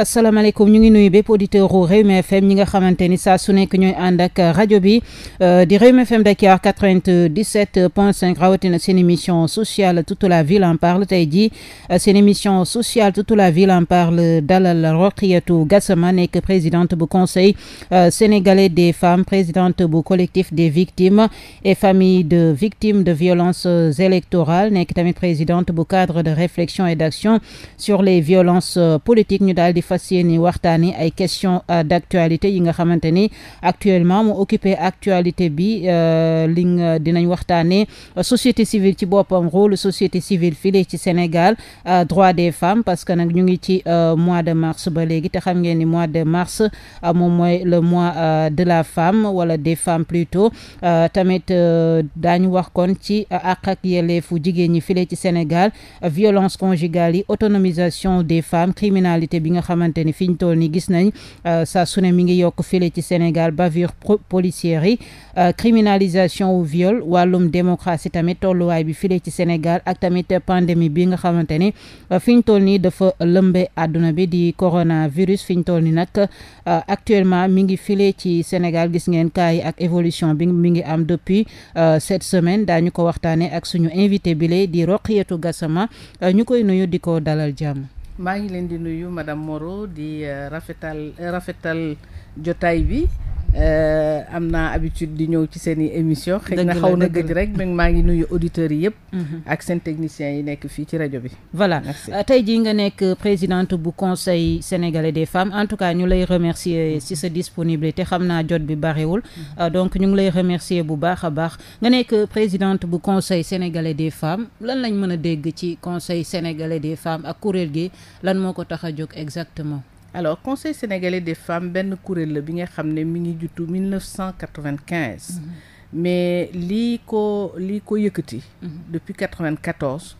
asalaamaaleykum ñu ngi nuyu bépp auditeur u Rewmi FM ñi nga xamante ni saa su nekk ñooy ànd euh, rajo bi euh, di Rewmi FM Dakar quatre-vingt-dix-sept point cinq rawatina seen émission sociale toute la ville en parle tey jii euh, seen émission sociale toute la ville en parle dalal Roqiatou Gassama nekk présidente bu conseil sénégalais des femmes présidente bu collectif des victimes et de victimes de violences électorales nekk tamit présidente bu cadre de réflexion et d'action les violences politiques ñu daal di di fas yéene waxtaani ay question euh, d' yi nga xamante ni actuellement mu occupé actualité bi euh, li dinañ waxtaane euh, société civile ci boppam rôle société civile fii ci Sénégal droit des femmes parce que nag ñu ngi ci mois de mars ba léegi te xam ngeen ni mois de mars moom mooy le mois de la femme wala des femmes plutôt tamit daañu wax kon ci àq ak yelleefu jigéen ñi fii ci Sénégal violence conjugale autonomisation des femmes criminalité bi nga xamante ni fi ñu toll ni gis nañ euh, saa su ne mi ngi yokk file ci Sénégal bavure policière yi euh, criminalisation wu viole wàllum démocratie tamit tolluwaay bi file ci Sénégal ak tamit pandémie bi nga xamante ni euh, fi ñu toll nii dafa lëmbe àdduna bi di coronavirus fi ñu toll ni nag actuellement mi ngi file ci Sénégal gis ngeen cas yi ak évolution bi mi ngi am depuis cette semaine daa ñu ko waxtaane ak suñu invité bi lay di Roqiyatu Gassama ñu koy nuyu di ko dalal jàmm maa ngi leen di nuyu madame Moreau di euh, rafetal euh, rafetal jotaay bi Euh, am na habitude di ñëw ci seen i émission xëy na xaw na gëj rek mais maa ngi nuyu auditeurs yi yëpp mhm. ak seen technicien yi nekk fii ci rajo bi voilà euh, tey jii nga nekk présidente bu conseil sénégalais des femmes en tout cas ñu lay remercier mhm. si sa te xam naa jot bi bariwul mhm. euh, donc ñu ngi lay remercier bu baax a baax nga nekk présidente bu conseil sénégalais des femmes lan lañ mën a dégg ci conseil sénégalais des femmes ak kuréel gi lan moo ko tax a jóg exactement alors conseil sénégalais des femmes benn kuréel la bi nga xam ne mi ngi juttu 1995. Mhm. mais lii ko lii ko yëkkati. Mhm. depuis 94.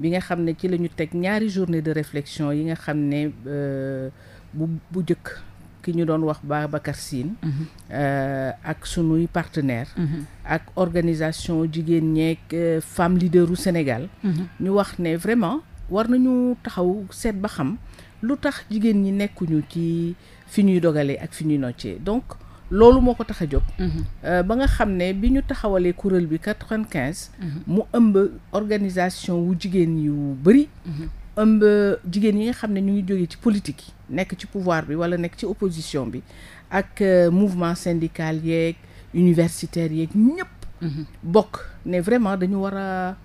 bi nga xam ne ci la ñu teg ñaari journée de réflexion yi nga xam ne euh, bu bu jëkk ki ñu doon wax Babacar Sine mhm. euh, ak sunuy partenaire ak organisation jigéen ñeek euh, femme leader u Sénégal ñu wax ne vraiment war nañu taxaw seet ba xam lu tax jigéen ñi nekkuñu ci fi ñuy dogalee ak fi ñuy noccee donc loolu moo ko tax a jóg. Mhm. Euh, ba nga xam ne bi ñu taxawalee kuréel bi quatre-vingt-quinze. Mhm. mu ëmb organisation wu jigéen yu bëri. Mhm. ëmb jigéen yi nga xam ne ñu ngi jógee ci politique yi nekk ci pouvoir bi wala nekk ci opposition bi ak euh, mouvement syndical yeeg universitaire yeeg ñëpp. bokk ne vraiment dañu war a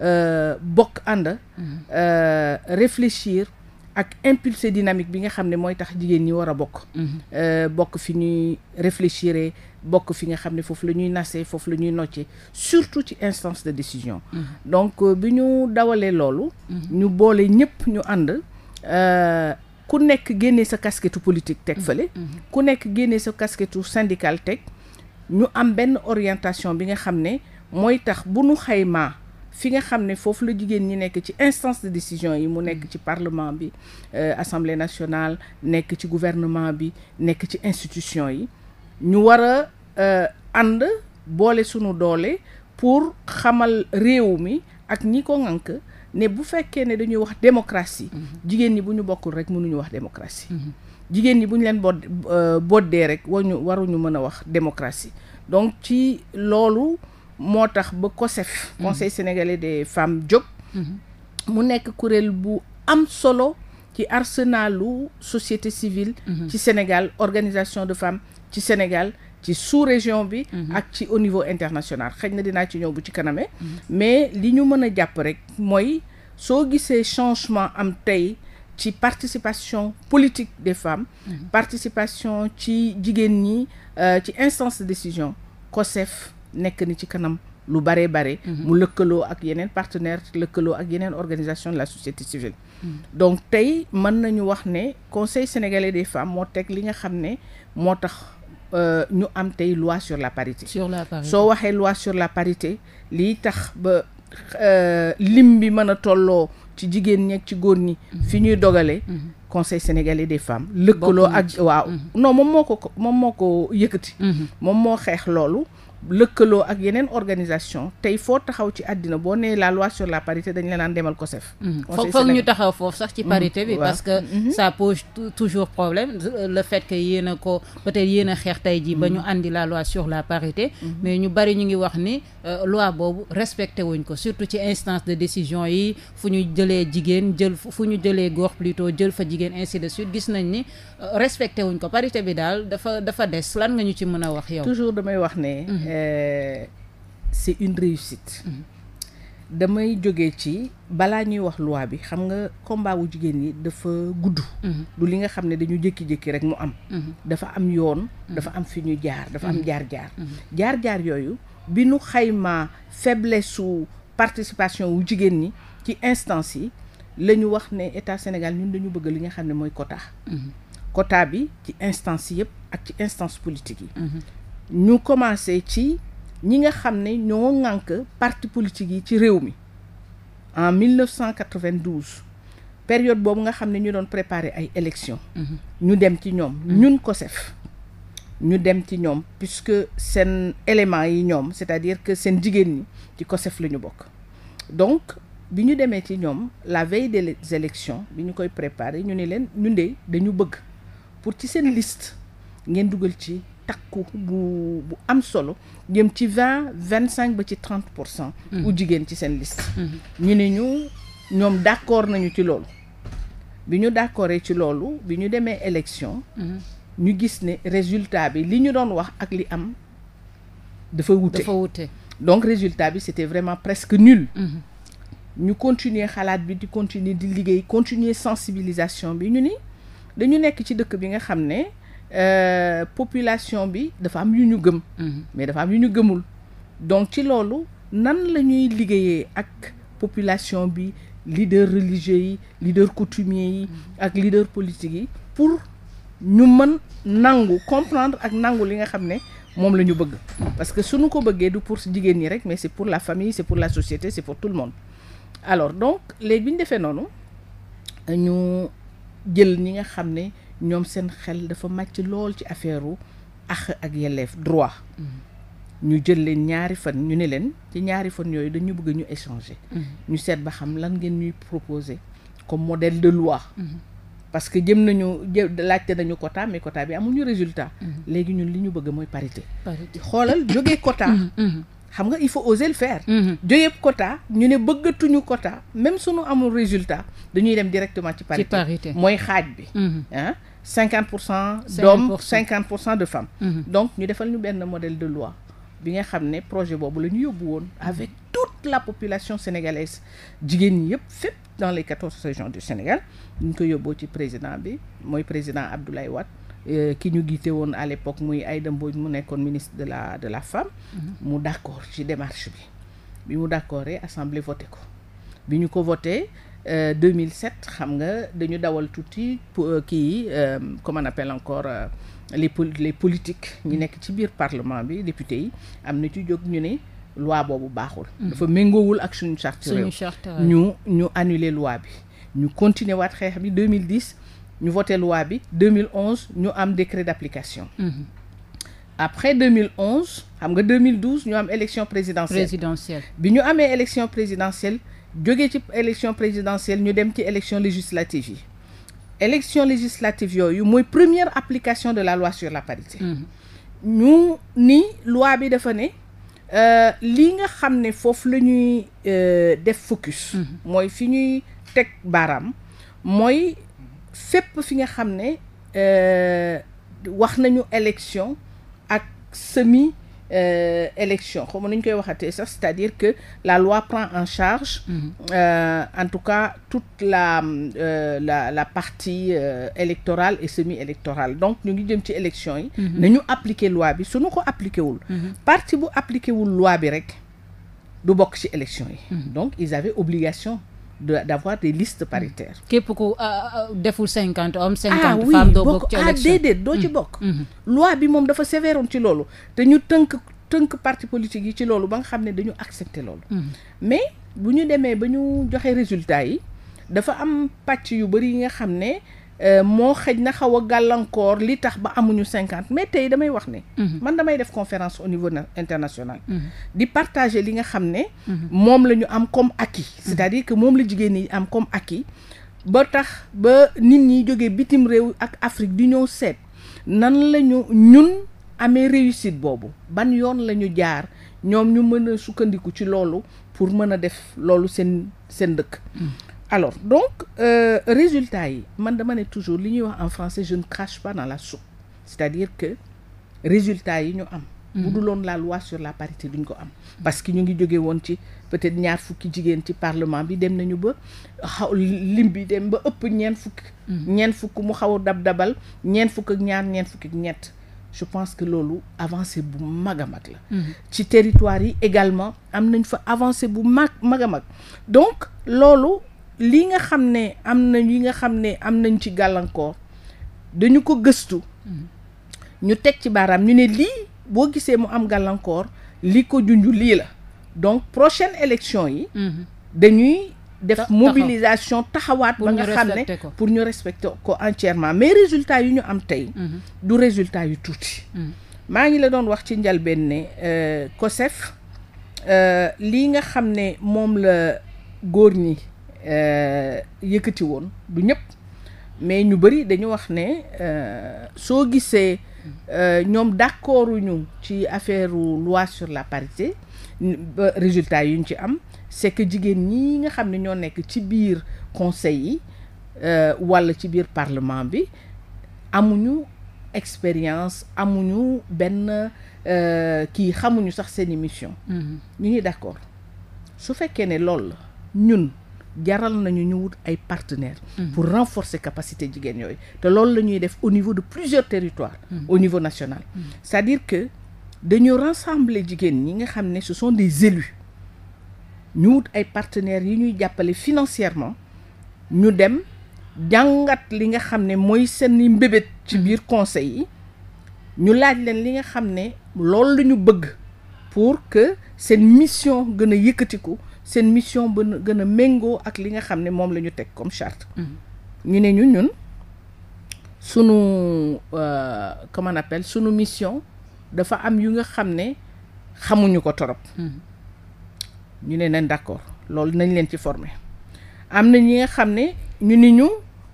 euh, bokk ànd. réfléchir. ak impulsé dynamique bi nga xam ne mooy tax jigéen ñi war a bokk mhm. euh, bokk fi ñuy réfléchir bokk fi nga xam ne foofu la ñuy nasee foofu la ñuy noccee surtout ci instance de décision mhm. donc euh, bi ñu dawalee loolu mhm. ñu boole ñëpp ñu ànd euh, ku nekk génnee sa casquette politique teg fële ku nekk génnee sa casquette syndical teg ñu am benn orientation bi nga xam ne mooy tax bu nu xayma fi nga xam ne foofu la jigéen ñi nekk ci instance de décision yi mu nekk mm. ci parlement bi euh, assemblée nationale nekk ci gouvernement bi nekk ci institution yi ñu war a euh, ànd boole sunu doole pour xamal réew mi ak ñi ko ŋànk ne bu fekkee ne dañuy wax démocratie mm-hmm. jigéen ñi bu ñu bokkul rek mënuñu wax démocratie mm-hmm. jigéen ñi bu ñu leen bodd euh, boddee rek wañu waruñu mën a wax démocratie donc ci loolu moo tax ba COSEF conseil mhm. sénégalais des femmes jóg mhm. mu nekk kuréel bu am solo ci arsenalu société civile mhm. ci Sénégal organisation de femmes ci Sénégal ci sous région bi ak ci au niveau international xëy na dinaa ci ñëw bu ci kaname mais li ñu mën a jàpp rek mooy soo gisee changement am tey ci participation politique des femmes participation ci jigéen ñi euh, ci instance de décision COSEF nekk ni ci kanam lu bare bare. Mhm. mu lëkkaloo ak yeneen partenaires lëkkaloo ak yeneen organisation de la société civile. Mhm. donc tey mën nañu wax ne conseil sénégalais des femmes moo teg li nga xam ne moo tax euh, ñu am tey loi sur la parité. la soo waxee loi sur la parité lii tax ba euh, lim bi mën a tolloo ci jigéen ñi ak ci góor ñi. Mhm. fi ñuy dogalee. conseil sénégalais des femmes. lëkkaloo ak waaw non moom moo ko moom moo ko yëkkati. moom moo xeex loolu. lëkkaloo ak yeneen organisation tey foo taxaw ci àddina boo nee la loi sur la parité dañ la naan demal COSEF. Mm-hmm. foog foog ñu taxaw foofu sax ci mm-hmm. parité bi. parce que mm-hmm. ça pose toujours problème euh, le fait que yéen ko peut-être yéen a xeex tey jii. ba ñu àndi la loi sur la parité. mais ñu bari ñu ngi wax ni euh, loi boobu respecté wuñ ko surtout ci instance de décision yi fu ñu jëlee jigéen jël fu ñu jëlee góor plutôt jël fa jigéen ainsi de suite gis nañ ni euh, respecté wuñ ko parité bi daal dafa dafa des lan nga ñu ci mën a wax yow. toujours damay wax ne. Euh, c'est une réussite. Mm-hmm. damay jóge ci balaa ñuy wax loi bi xam nga combat wu jigéen ñi dafa gudd. Mm-hmm. du li nga xam ne dañu jékki-jékki rek mu am. Mm-hmm. dafa am yoon. dafa am fi ñu jaar dafa am jaar-jaar. jaar-jaar yooyu bi nu xayma faiblesse su participation wu jigéen ñi ci instance yi la ñu wax ne état Sénégal ñun dañu bëgg li nga xam ne mooy quota. quota bi ci instance yëpp ak ci instance politique yi. ñu commencé ci ñi nga xam ne ñoo ŋànk parti politique yi ci réew mi en 1992 période boobu nga xam ne ñu doon préparer ay élections. Mhm. ñu dem ci ñoom mhm. ñun COSEF. ñu dem ci ñoom puisque seen éléments yi ñoom c'est-à-dire que seen jigéen ñi ci COSEF la ñu bokk donc bi ñu demee ci ñoom la veille des élections bi ñu koy préparer ñu ne leen ñun de dañu bëgg pour ci seen list ngeen dugal ci takku bu bu am solo jëm ci vingt vingt cinq ba ci trente pour cent. Mm-hmm. bu jigéen ci seen liste. Mm-hmm. ñu ne ñu ñoom d'accord nañu ci loolu. bi ñu d'accordee ci loolu bi ñu demee élection. Mm-hmm. ñu gis ne résultat bi li ñu doon wax ak li am dafa wute. dafa donc résultat bi c'était vraiment presque nul. ñu continuer xalaat bi di continuer di liggéey continuer sensibilisation bi ñu ni dañu nekk ci dëkk bi nga xam ne. Euh, population bi dafa am yu ñu gëm. Mhm. mais dafa am yu ñu gëmul. donc ci loolu nan la ñuy liggéeyee ak population bi leader religieux yi leader coutumier yi. Mhm. ak leader politique yi pour ñu mën nangu comprendre ak nangu li nga xam ne. moom la ñu bëgg parce que suñu ko bëggee du pour jigéen ñi rek mais c'est pour la famille c'est pour la société c'est pour tout le monde alors donc léegi bi ñu defee noonu ñu jël ñi nga xam ne ñoom seen xel dafa màcc lool ci affaire u àq ak yelleef droit mm-hmm. ñu jël leen ñaari fan ñu ne leen ci ñaari fan yooyu dañu bëgg ñu échanger mm-hmm. ñu seet ba xam lan ngeen ñuy proposer comme modèle de loi mm-hmm. parce que jëm nañu jë laajte nañu quota mais quota bi ñu résultat léegi ñun li ñu bëgg mooy parité xoolal jógee quota xam nga il faut oser le faire jógee quota ñu ne bëggatuñu quota même suñu amul résultat dañuy dem directement ci parité mooy xaaj bi ah cinquante pour cent cinquante pour cent de femmes mm-hmm. donc ñu defal ñu benn modèle de loi bi nga xam ne projet boobu la ñu yóbbu woon avec toute la population sénégalaise jigéen ñi yëpp fépp dans les quatorze régions du Sénégal ñu ko yóbboo ci président bi mooy président Abdoulaye Wade euh, ki ñu giite woon à l'époque muy ay Mbodj mu nekkoon ministre de la de la femme mm-hmm. mu d'accord ci démarche bi bi mu d'accordé assemblée voté ko bi ñu ko voté Euh, 2007 xam nga dañu dawal tuuti euh, kii euh, comment on appelle encore euh, les poli ñu nekk ci biir parlement bi député yi am na ci jóg ñu ne loi boobu baaxul. Mm-hmm. dafa méngoowul ak suñu charte réew. ñu ñu annuler loi bi. ñu continuer waat xeex bi 2010 ñu vote loi bi 2011 ñu am décret d'application. Mm-hmm. après 2011 xam nga 2012 ñu am élection présidentielle. présidentielle bi ñu amee élection présidentielle. jóge ci élection présidentielle ñu dem ci élection législative yi élection législative yooyu mooy première application de la loi sur la parité mm-hmm. ñu ni loi bi dafa ne euh, li nga xam ne foofu la ñuy euh, def focus mm-hmm. mooy fi ñuy teg baaraam mooy fépp fi nga xam ne euh, wax nañu élection ak semi Euh, élection xaw ma ñu koy waxatee sax c'est-à-dire que la loi prend en charge mm-hmm. euh, en tout cas tout la euh, la la partie électorale et semi-électorale donc ñu ngi jëm ci élection yi mm-hmm. nañu appliquer loi bi suñu ko appliqué wul mm-hmm. parti bu appliqué wul loi bi rek du bokk ci élection yi donc ils avaient obligation d'avoir des listes paritaires. Hmm. képp ko euh, euh, deful cinquante hommes ah cinquante femmes doo bokk ci ah, élection déedéet doo ci hmm. bokk. Hmm. loi bi moom dafa sévéroon ci loolu te ñu tënk tënk parti politique yi ci loolu ba nga xam ne dañu accepter loolu. mais bu ñu demee ba ñu joxe résultat yi dafa am pàcc yu bari yi nga xam ne. Euh, moo xëj na xaw a gàllankoor li tax ba amuñu cinquante mais tey damay wax ne. Mhm. man damay def conférence au niveau international. Mhm. di partager li nga xam ne. Mhm. moom la ñu am comme acquis. c'est-à-dire que moom la jigéen ñi am comme acquis. ba tax ba nit ñi jógee bitim réew ak Afrique di ñëw seet nan la ñu ñun amee réussite boobu ban yoon la ñu jaar ñoom ñu mën a sukkandiku ci loolu pour mën a def loolu seen seen dëkk. alors donc euh, résultat yi man dama ne toujours li ñuy wax en français je ne crache dans la soupe c'est-à-dire que résultat yi ñu am mm-hmm. bu du loon la loi sur la parité duñ ko am parce que ñu ngi jóge woon ci peut-être ñaar fukki jigéen ci parlement bi dem nañu ba xaw lim bi dem ba ëpp ñeent fukk mm-hmm. ñeent fukk mu xaw a dab dabal ñeent fukk ak ñaar ñeent fukk ak ñett je pense que loolu avancé bu mag a mag la mm-hmm. ci territoire yi également am nañ fa avancé bu mag mag a mag donc lii nga xam ne am na yi nga xam ne am nañ ci gàllankoor dañu ko gëstu mm-hmm. ñu teg ci baaraam ñu ne lii boo gisee mu am gàllankoor li ko junj lii la donc prochaine élection yi mm-hmm. dañuy def mobilisation taxawaat ba nga xam ne pour ñu respecter ko entièrement mais résultat yu ñu am tey mm-hmm. du résultat yu tuuti maa ngi la doon wax ci njalbeen ne euh, COSEF euh, lii nga xam ne moom la góor ñi Euh, yëkkati woon du ñëpp mais ñu bëri dañu wax ne euh, soo gisee euh, ñoom d'accorduñu ci affaire loi sur la parité ba résultat yu ñu ci am c'est que jigéen ñi nga xam ne ñoo nekk ci biir conseil yi walla ci biir parlement bi amuñu expérience amuñu benn kii xamuñu sax seen mission mm-hmm. ñu ngi d'accord su fekkee ne loolu la ñun jaral nañu ñu wut ay partenaires. Mm-hmm. pour renforcer capacité jigéen yooyu te loolu la ñuy def au niveau de plusieurs territoires. Mm-hmm. au niveau national. Mm-hmm. c'est-à-dire que dañu rassembler jigéen ñi nga xam ne ce sont des élus ñu wut ay partenaires yi ñuy jàppale financièrement ñu dem jàngat li nga xam ne mooy seeni mbébét ci biir conseil yi ñu laaj leen li nga xam ne loolu la ñu bëgg pour que seen mission gën a yëkkatiku. seen mission ba gën a méngoo ak li nga xam ne moom la ñu teg comme charte. Mm-hmm. ñu ne ñu ñun sunu euh, comment on appelle sunu mission dafa am yu nga xam ne xamuñu ko torop. Mm-hmm. ñu ne leen d'accord loolu nañ leen ci former am na ñi nga xam ne ñu ni ñu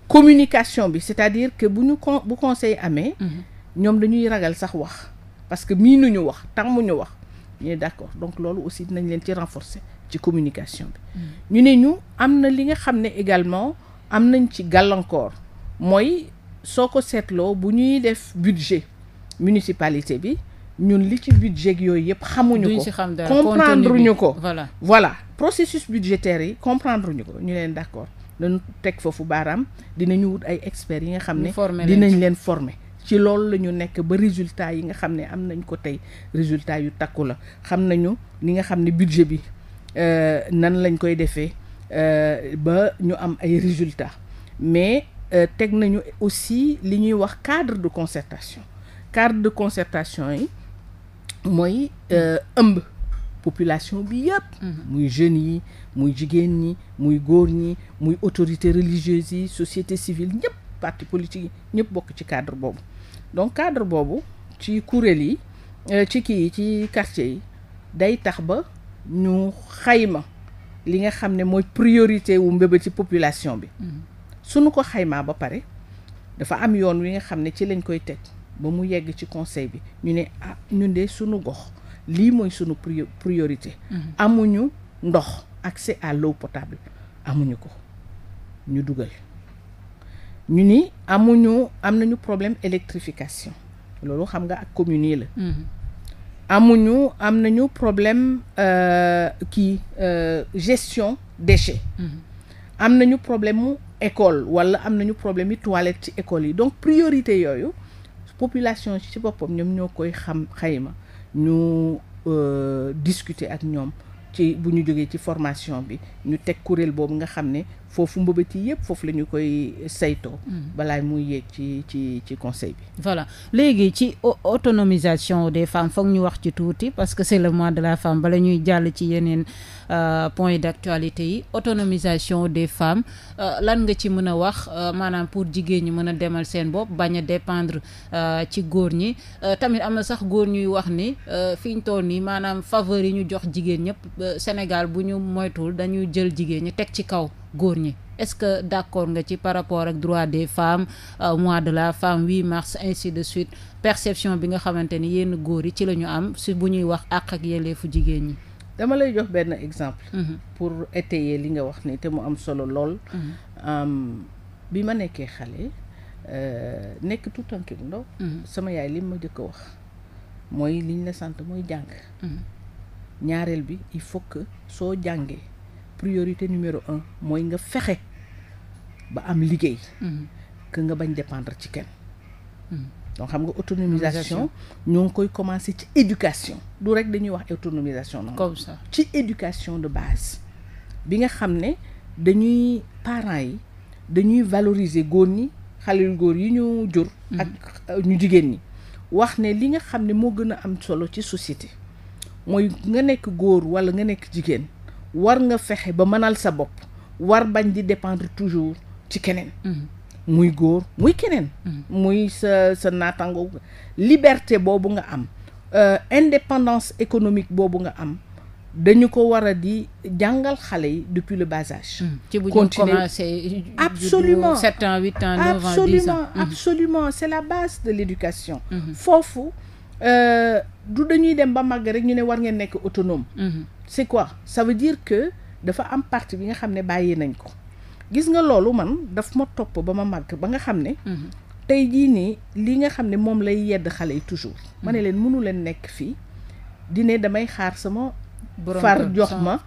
communication bi c'est-à-dire que bu ñu con bu conseil amee. Mm-hmm. ñoom dañuy ragal sax wax parce que ñu wax ñu wax ñu ne d'accord donc loolu aussi dinañ leen ci renforcer. ci communication bi. ñu ne ñu am na li nga xam ne également am nañ ci gàllankoor mooy soo ko seetloo bu ñuy def budget municipalité bi ñun li ci budget yooyu yëpp xamuñu ko comprendre ñu ko voilà voilà processus budgétaire yi comprendre ñu ko ñu leen d'accord dañu teg foofu baaraam dinañu wut ay experts yi nga xam ne dinañ leen former ci loolu la ñu nekk ba résultat yi nga xam ne am nañ ko tey résultat yu takku la xam nañu li nga xam ne budget bi Euh, nan lañ koy defee euh, ba ñu am ay résultats mais euh, teg nañu aussi li ñuy wax cadre de concertation cadre de concertation yi mooy ëmb population bi yëpp mm-hmm. muy jeunes yi muy jigéen ñi muy góor ñi muy autorités religieuses yi société civile ñëpp parti politique yi ñëpp bokk ci cadre boobu donc cadre boobu ci kuréel yi ci kii yi ci quartier yi day tax ba ñu xayma li nga xam ne mooy priorité wu mbébét ci population bi mhm. sunu ko xayma ba pare dafa am yoon wi nga xam ne ci lañ koy teg ba mu yegg ci conseil bi ñu ne ah ñun de suñu gox lii mooy suñu priorité mhm. amuñu ndox accès à l'eau potable amuñu ko ñu dugal ñu ni amuñu am nañu problème électrification loolu xam nga ak communes yi la mhm. amuñu am nañu problème kii euh, euh, gestion déchets mm-hmm. am nañu problème école wala am nañu problème yi toilette ci école yi donc priorité yooyu population ci boppam ñoom ñoo koy xam xayma ñu euh, discuter ak ñoom ci bu ñu jógee ci formation bi ñu teg kuréel boobu nga xam ne foofu mbëbët yi yëpp foofu la ñu koy saytoo. Hmm. balaay muy yéeg ci ci ci conseil bi. voilà léegi ci autonomisation des femmes foog ñu wax ci tuuti parce que c'est le mois de la femme bala ñuy jàll ci yeneen euh, point d'actualité yi autonomisation des femmes euh, lan nga ci mën a wax euh, maanaam pour jigéen ñi mën a demal seen bopp bañ a dépendre ci góor ñi tamit am sax góor ñuy wax ni fi ñu toll nii maanaam faveur yi ñu jox jigéen ñëpp Sénégal bu ñu moytuwul dañuy jël jigéen ñi teg ci kaw. góor ñi est-ce que d'accord nga ci par rapport ak droit des femmes euh, mois de la femme 8 mars ainsi de suite perception bi nga xamante ni yenn góor yi ci la ñu am si bu ñuy wax àq ak yelleefu jigéen ñi. dama lay jox benn exemple. Mhm. pour -hmm. pour li nga wax ni te mu am solo lool. Mhm. bi ma nekkee xale euh, nekk tout tànk bu ndaw. Mhm. sama yaay li ma jëkk wax mooy liñ la sant mooy jàng. ñaareel bi il faut que soo jàngee. priorité numéro un mooy nga fexe ba am liggéey mm-hmm. que nga bañ dépendre ci kenn mm-hmm. donc xam nga autonomisation ñoo ngi koy commencer ci éducation du rek dañuy wax autonomisation na comme ça ci éducation de base bi nga xam ne dañuy parents yi dañuy valoriser góor ñi xalil góor yi ñu jur mm-hmm. ak euh, ñu jigéen ñi wax ne li nga xam ne moo gën a am solo ci société mooy nga nekk góor walla nga nekk jigéen war nga fexe ba mënal sa bopp war bañ di dépendre toujours ci keneen mhm. muy góor muy keneen mhm. muy sa sa naatango liberté boobu nga am euh, indépendance économique boobu nga am dañu ko war a di jàngal xale yi depuis le bas âge mhm. ci bu ñu commencé euh, absolument sept ans huit ans neuf ans dix ans absolument c'est la base de l'éducation foofu Euh, du dañuy dem ba màgg rek ñu ne war ngeen nekk autonome. Mhm. c'est quoi ça veut dire que dafa am partie bi nga xam ne bàyyi nañ ko. gis nga loolu man daf ma topp ba ma màgg ba nga xam ne. Mhm. tey jii nii li nga xam ne moom lay yedd xale yi toujours. ma ne mhm. leen mënu leen nekk fii di damay xaar sama. far jox ma.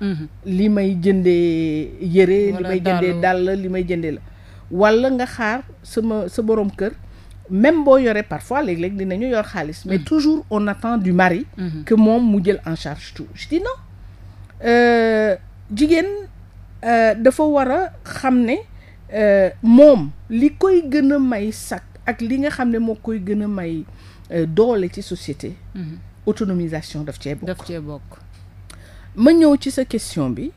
li may jëndee yëre. li may jëndee dàll li may jëndee la. walla nga xaar sama sa borom kër. même boo yoree parfois léeg-léeg dinañu yor xaalis mais mm-hmm. toujours on attend du mari mm-hmm. que moom mu jël en charge tout je dis non euh, jigéen euh, dafa war a xam ne euh, moom li koy gën a may sac ak li nga xam ne moo koy gën a may doole ci société mm-hmm. autonomisation daf cee bokk daf cee bokk ma ñëw ci sa question bi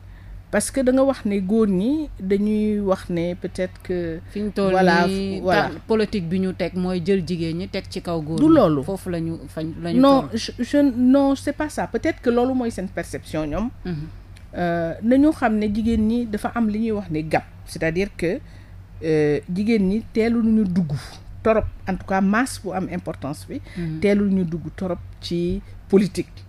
parce que da nga wax ni góor ñi dañuy wax ne peut-être que. fi ñu toll voilà waa politique bi ñu teg mooy jël jigéen ñi teg ci kaw góor ñi. loolu foofu la ñu fañ la ñu. non je, je non c'est peut-être que loolu seen perception ñoom. Mm-hmm. Euh, nañu xam ne jigéen ñi dafa am li ñuy wax ni gap c'est-à-dire que euh, jigéen ñi teelu ñu dugg torop en tout cas masse bu am importance bi. Mm-hmm. teelu ñu dugg torop ci politique.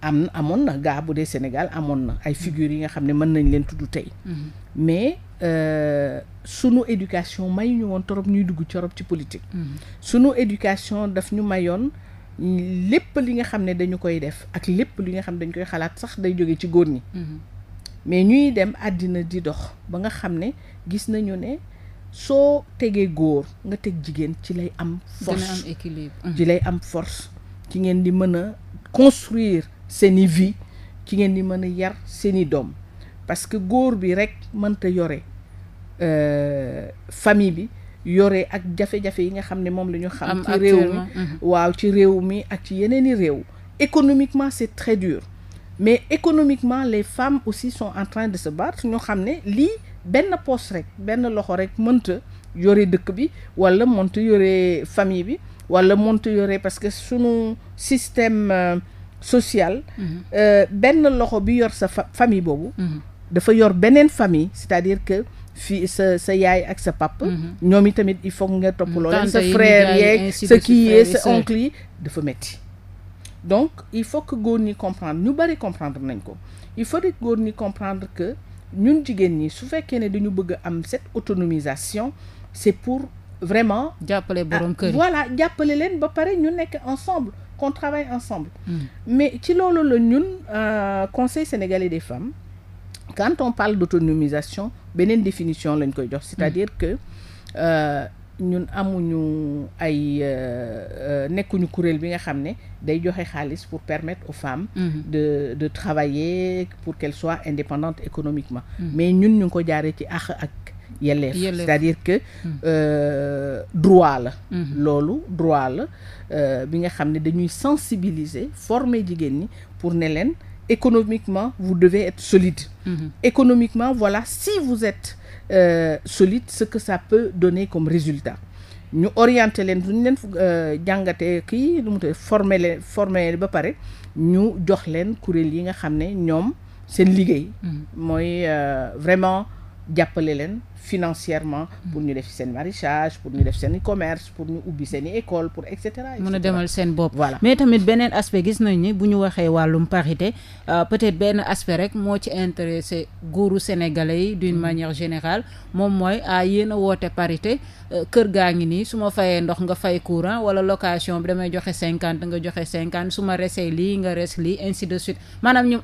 am amoon na gaa bu dee Sénégal amoon na ay figures yi nga xam ne mën nañ leen tudd tey mm-hmm. mais euh, sunu éducation may ñu woon torop ñuy dugg torop ci politique mm-hmm. sunu éducation daf ñu mayoon lépp li nga xam ne dañu koy def ak lépp li nga xam ne dañu koy xalaat sax day jóge ci góor ni mm-hmm. mais ñuy dem àddina di dox ba nga xam ne gis nañu ne soo tegee góor nga teg jigéen ci lay am force ci lay am ci lay am force ci ngeen di mën a construire seeni vie ci ngeen di mën a yar seeni doom parce que góor bi rek mënta yore euh, famille bi yore ak jafe-jafe yi nga xam ne moom la ñu xam ci réew mi mhm. waaw ci réew mi ak ci yeneeni réew économiquement c'est très dur mais économiquement les femmes aussi sont en train de se battre ñoo xam ne lii benn poste rek benn loxo rek mënta yore dëkk bi walla mënta yore famille bi walla mënta yore parce que sunu système euh, sociale mhm. euh, benn loxo bi yor sa famille boobu mhm. dafa yor beneen famille c'est-à-dire que fii sa sa yaay ak sa pap mhm. ñoom i tamit il faut nga toppaloo leen sa frère yeeg sa kii yeeg sa oncle yi dafa metti donc il faut que góor ñi comprendre ñu bari comprendre nañ ko il faut que góor ñi comprendre que ñun jigéen ñi su fekkee ne dañu bëgg am cette autonomisation c'est pour vraiment jàppale ah, borom kër voilà jàppale leen ba pare ñu nekk ensemble qu'on travaille ensemble mm. mais ci loolu la ñun euh, conseil sénégalais des femmes quand on parle d'autonomisation beneen définition lañ koy jox cest a dire que euh, ñun amuñu ay euh, nekkuñu kuréel bi nga xam ne day joxe xaalis pour permettre aux femmes mm-hmm. de de travailler pour qu'elles soit indépendantes économiquement mm. mais ñun ñu ngi ko jaaree ci àq ak yelleef c'est-à-dire que hmm. euh, droit la hmm. loolu droit la euh, bi nga xam ne dañuy sensibiliser former jigéen ñi pour ne leen économiquement vous devez être solide hmm. économiquement voilà si vous êtes euh, solide ce que ça peut donner comme résultat ñu orienté leen suñ leen euh, jàngatee kii lu mu te formé leen formé ba pare ñu jox leen kuréel yi nga xam ne ñoom seen liggéey mooy euh, vraiment jàppale leen financièrement pour ñu def seen maraîchage pour ñu def seen i commerce pour ñu ubbi seen i école pour et cetera mun a demal seen bopp voilà mais tamit beneen aspect gis nañ ni bu ñu waxee wàllum parité euh, peut-être benn aspect rek moo ci intéressé góoru sénégalais yi d'une mm. manière général moom mooy ah yéen a woote parité euh, kër gaa ngi nii su ma fayee ndox nga fay courant wala location bi damay joxe cinquante nga joxe cinquante su ma resee lii nga res lii ainsi de suite maanaam ñoom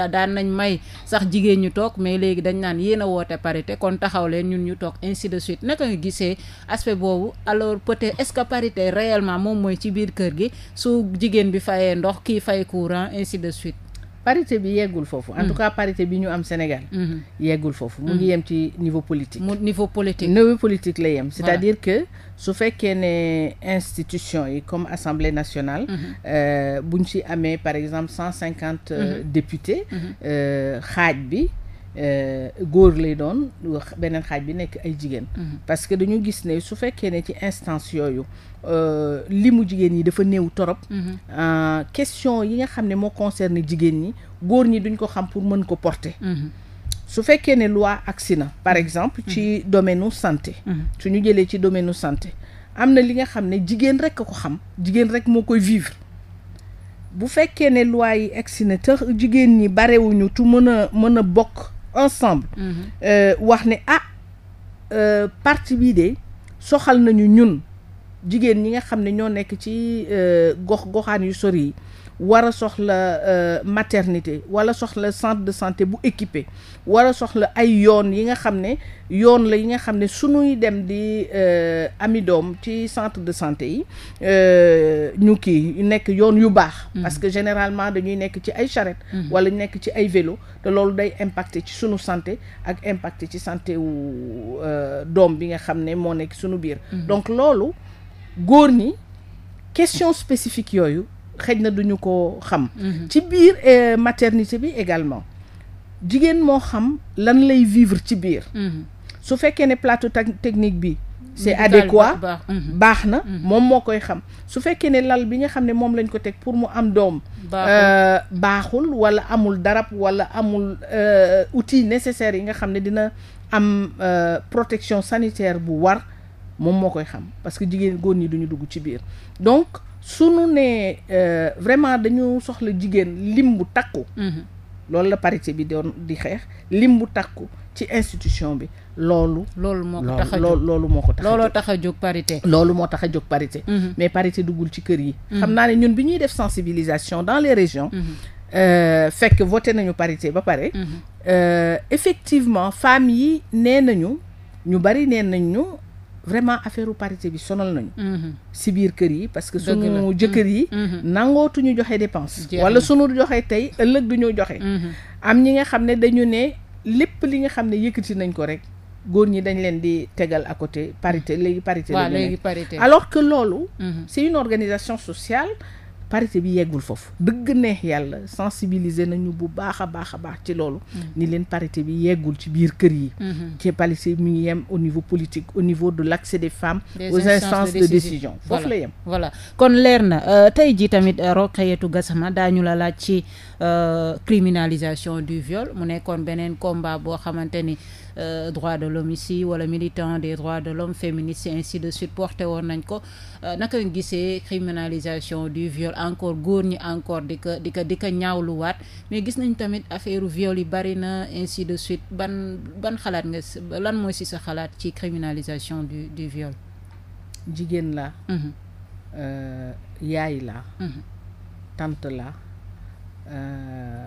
da daan nañ may sax jigéen ñu toog mais léegi dañ naan yéen a woote parité kon taxaw leen ñun ñu toog insi de suite naka nga gisee aspect boobu alors peut-être est-ce que parité réellement moom mooy ci biir kër gi su jigéen bi fayee ndox kii fay courant insi de suite parité bi yeggul foofu. en tout mm. cas parité bi ñu am Sénégal. Mm-hmm. yeggul foofu mu ngi mm-hmm. yem ci niveau politique. mu niveau politique niveau politique la yem. c'est-à-dire que su fekkee ne institution yi comme assemblée nationale. Mm-hmm. Euh, bu ñu ci amee par exemple cent cinquante. Euh, députés. Euh, xaaj bi. góor lay doon beneen xaaj bi nekk ay jigéen. parce que dañu gis ne su fekkee ne ci instance yooyu Euh, li mu jigéen ñi dafa néew torop mhm. euh, question yi nga xam ne moo concerne jigéen ñi góor ñi duñ ko xam pour mën ko porter mhm. su fekkee ne loi agsi na par mhm. exemple ci domaine u santé su ñu jëlee ci domaine u santé am na li nga xam ne jigéen rek a ko xam jigéen rek moo koy vivre bu fekkee ne loi yi agsi na te jigéen ñi barewuñu tu mën a mën a bokk ensemble euh, wax ne ah partie bii de soxal nañu ñun jigéen ñi nga xam ne ñoo nekk ci euh, gox goxaan yu sori yi war a soxla euh, maternité wala soxla centre de santé bu équipé war a soxla ay yoon yi nga xam ne yoon la yi nga xam ne suñuy dem di euh, ami doom ci centre de santé yi ñu kii nekk yoon yu baax mm-hmm. parce que généralement dañuy nekk ci ay charrette mm-hmm. wala nekk ci ay vélo te loolu day impacté ci sunu santé ak impacté ci santé wu doom bi nga xam ne moo nekk sunu biir mm-hmm. donc loolu góor ni question spécifique yooyu xëj na duñu ko xam mhm. ci biir euh, maternité bi également jigéen moo xam lan lay vivre ci biir mhm. su fekkee ne plateau technique bi c'est adéquat baax na mhm. moom moo koy xam su fekkee ne lal bi nga xam ne moom lañ ko teg pour mu am doom baaxul euh, wala amul darab wala amul euh, outil nécessaire yi nga xam ne dina am protection sanitaire bu war moom moo koy xam parce que jigéen góor ñi duñu dugg ci biir donc suñu ne euh, vraiment dañu soxla jigéen lim bu takku mhm. loolu la parité bi doon di xeex lim bu takku ci institution bi loolu loolu moo ko tax a jóg loolu moo ko tax a jóg parité loolu moo tax a jóg parité mhm. mais parité duggul ci kër yi mhm. xam naa ne ñun bi ñuy def sensibilisation dans les régions Euh, fekk voté nañu parité ba pare. Mm effectivement femmes yi nee nañu ñu bari nee nañu vraiment affaire parité bi sonal nañu mhm. si biir kër yi parce que sunu jëkkër yi mhm. Mhm. nangootuñu joxe dépense wala sunu joxe tey ëllëg du ñu joxe am ñi nga xam ne dañu ne lépp li nga xam ne yëkkati nañ ko rek góor ñi dañ leen di tegal à côté parité léegi parité la léegi parité alors que loolu c'est une organisation sociale parité bi yeggul foofu dëgg neex yàlla sensibiliser nañu bu baax a baax a baax ci loolu mm-hmm. ni leen parité bi yeggul ci biir kër yi mm-hmm. ci parité mu yem au niveau politique au niveau de l'accès des femmes des aux instances de décision foofu la yem kon leer na euh, tey ji tamit euh, Rokhayatu Gassama daañu la laaj ci Euh, criminalisation du viol mu nekkoon beneen combat boo xamante ni euh, droit de l'homme ici wala militant des droits de l'homme féministe ainsi de suite porté nañ ko euh, naka nga gisee criminalisation du viole encore góor ñi encore di ko di ko di ko waat mais gis nañ tamit affaire viole yi bari na ainsi de suite ban ban xalaat nga lan mooy ci sa xalaat ci criminalisation du du viole jigéen la mhm. yaay la mhm. tante la Euh,